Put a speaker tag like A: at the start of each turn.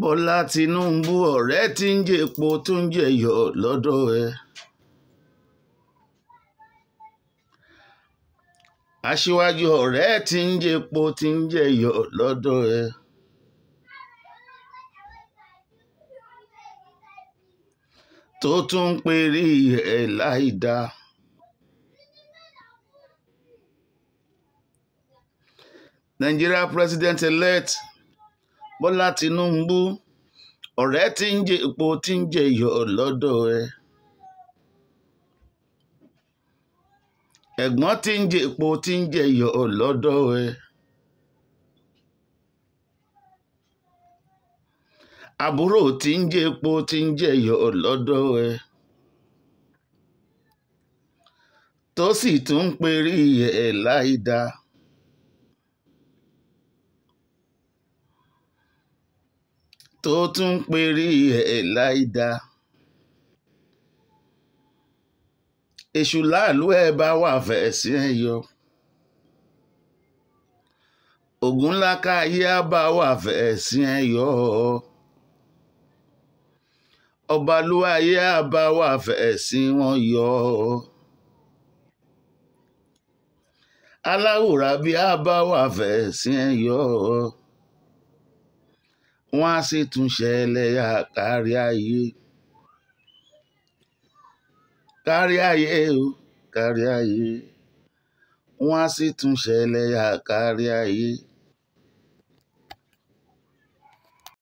A: Bọ́lá Tinubu ọ̀rẹ́ tí ń jẹ epo tó ń jẹyọ lọ́dọ̀ ẹ. Aṣíwájú ọ̀rẹ́ tí ń jẹ epo tí ń jẹyọ lọ́dọ̀ ẹ. Tó tún ń perí ẹ̀ láì dáa. Nigeria president-elect Bọ́lá Tinubu ọ̀rẹ́ tí ń jẹ epo tí ń jẹ iyọ̀ lọ́dọ̀ ẹ ẹ̀gbọ́n tí ń jẹ epo tí ń jẹ iyọ̀ lọ́dọ̀ ẹ àbúrò tí ń jẹ epo tí ń jẹ iyọ̀ lọ́dọ̀ ẹ tó sì tún ń perí ẹ̀ láì dáa. tó tún ń perí ẹ̀ láìda. èṣù láàlú ẹ̀ bá wà fẹ̀sí ẹ̀ yọ. ògùn ńlá káyé á bá wà fẹ̀sí ẹ̀ yọ ọ́ ọbalúwayé àbá wà fẹ̀sìn wọn yọ aláwòrán bí àbá wà fẹ̀sìn ẹ̀ yọ wọ́n á sì tún ṣẹlẹ̀ yà kárí ayé kárí ayé o kárí ayé wọ́n á sì tún ṣẹlẹ̀ kárí ayé.